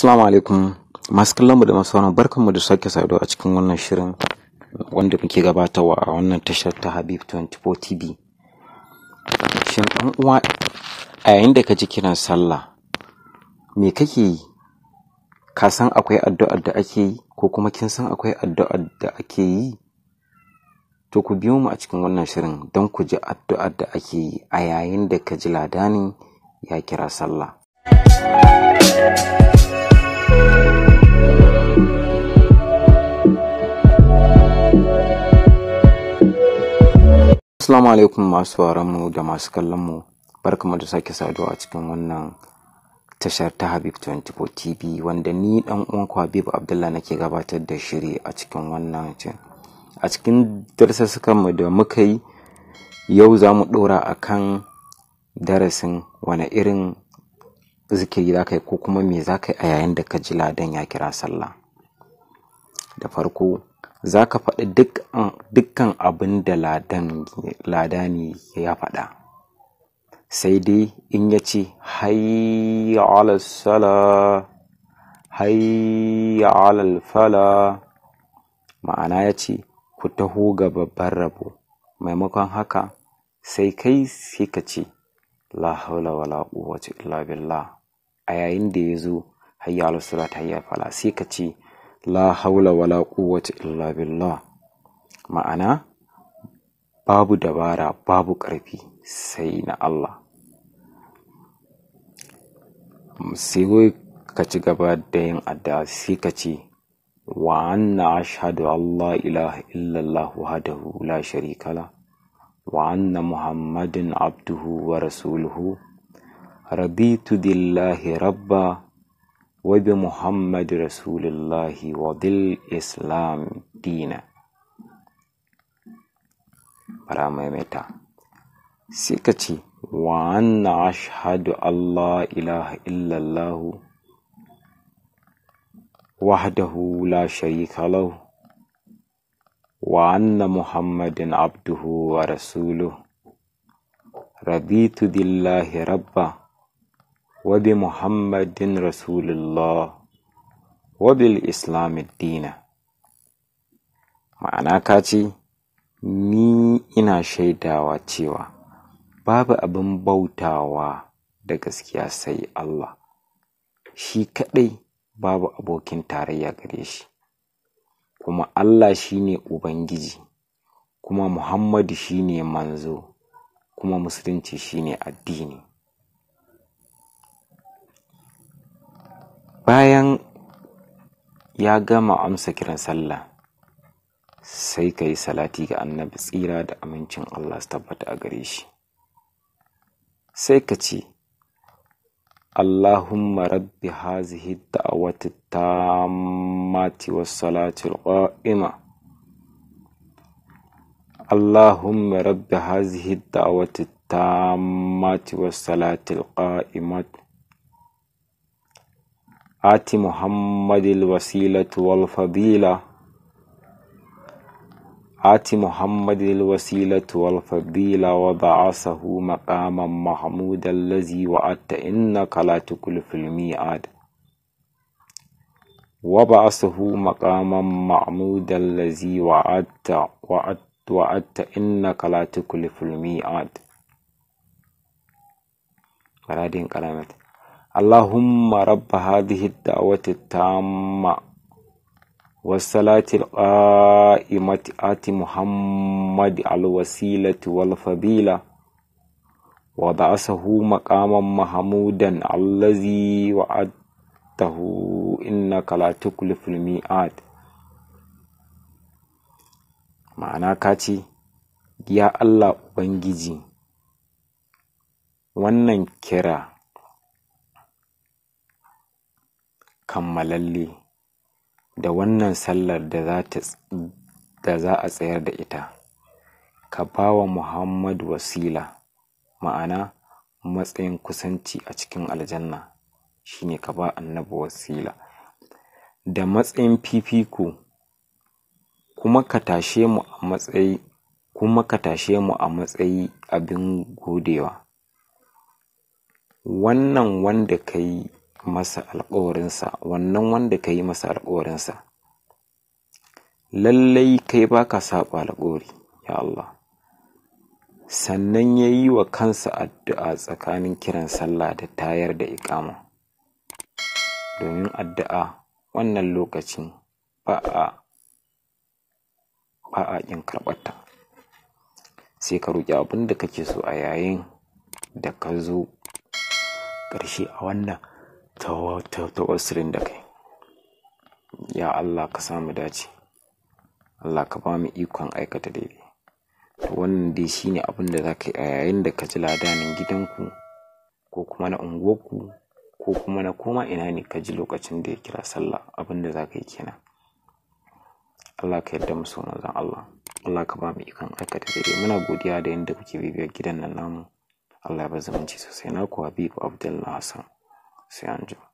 Assalamu alaikum masu kallon mu da masu sauran barkan mu da sake saduwa a cikin wannan shirin wanda muke gabatarwa a wannan tashar ta Habib 24 TV. Shin ɗan uwa a yayin da ka ji kiran sallah me kake yi? Ka san akwai addu'a da ake yi ko kuma kin san akwai addua da ake yi? To ku biyo mu a cikin wannan shirin don ku ji addu'a da ake yi a yayin da ka ji ya kira sallah. Assalamu alaikum masu mu da masu kallon mu barkamu da sake saduwa a cikin wannan tashar ta Habib 24 TV wanda ni dan uwan Habib Abdullah nake gabatar da shiri a cikin wannan cin. A cikin darsasakan mu da muka yi yau za mu dora akan darasin wani irin zikiri za ka ko kuma me za ka a yayin da ka ji ladan ya kira sallah. Da farko za ka faɗi ah, dukkan abin da ladani ya faɗa sai dai in ya ce hayya alalfala ma'ana ya ce ku taho ga babban rabo maimakon haka sai kai sai ka ce la haula wala quwwata illa billah a yayin da ya zo hayya alalfala ta fala sai ka ce la haula wala quwwata illa billah ma'ana babu dabara babu ƙarfi sai na Allah sai ka ci gaba da yin adda sai ka ce wa anna ashhadu Allah ilaha illallah wahdahu la sharika la wa anna muhammadin abduhu wa rasuluhu raditu billahi rabba وبمحمد رسول الله وذي الإسلام دينا bara maimaita sai ka ce wa anna ashhadu Allah ila illallah wahdahu la sharika lahu wa anna muhammadin abduhu wa rasuluhu raditu billahi rabba وبمحمد رسول الله وبالإسلام الدين ma'ana ka ce ni ina shaidawa cewa babu abin bautawa da gaskiya sai Allah shi kaɗai babu abokin tarayya gare shi kuma Allah shi ne Ubangiji kuma Muhammadu shi ne manzo kuma musulunci shi ne addini bayan ya gama amsa kiran sallah sai ka yi salati ga annabi tsira da amincin Allah su tabbata a gare shi sai ka ce Allahumma rabbi hazihi da'awati tammati was salati qaima Allahumma rabbi hazihi da'awati tammati was salati qaimati آت محمد الوسيلة والفضيلة آت محمد الوسيلة والفضيلة وضعصه مقاما محمودا الذي وعدت إنك لا تكلف الميعاد وبعثه مقاما محمودا الذي وعدت وعدت وعدت إنك لا تكلف الميعاد. ولكن كلمة اللهم رب هذه الدعوة التامة والصلاة القائمة آت محمد الوسيلة والفضيلة وبعثه مقاما محمودا الذي وعدته إنك لا تكلف الميعاد ma'ana ka ce ya Allah Ubangiji wannan kira kammalalle da wannan sallar da za a tsayar da ita ka ba wa muhammad wasila ma'ana matsayin kusanci a cikin aljanna shine ka ba annabi wasila da matsayin fifiko kuma ka tashe mu a matsayi kuma ka tashe mu a matsayi abin godewa wannan wanda ka yi masa alkawarinsa wannan wanda ka yi masa alkawarinsa lallai kai ba ka saba alkawari ya Allah sannan ya yi wa kansa addu'a tsakanin kiran sallah da tayar da ikama domin addu'a wannan lokacin ba a ba a karɓarta sai ka roƙi abin da kake so a yayin da ka zo ƙarshe a wannan tawassirin da kai ya Allah ka samu dace Allah ka ba mu ikon aikata daidai to wannan dai shine abin da za ka yi a yayin da ka ji ladanin gidanku ko kuma na unguwarku ko kuma na koma ina ne ka ji lokacin da ya kira sallah abin da za ka yi kenan Allah ka yarda musu manzon Allah Allah ka ba mu ikon aikata daidai muna godiya da yadda kuke bibiyar gidan nan namu Allah ya ba zumunci sosai na ku Habib Abdullahi Hassan se Angelo.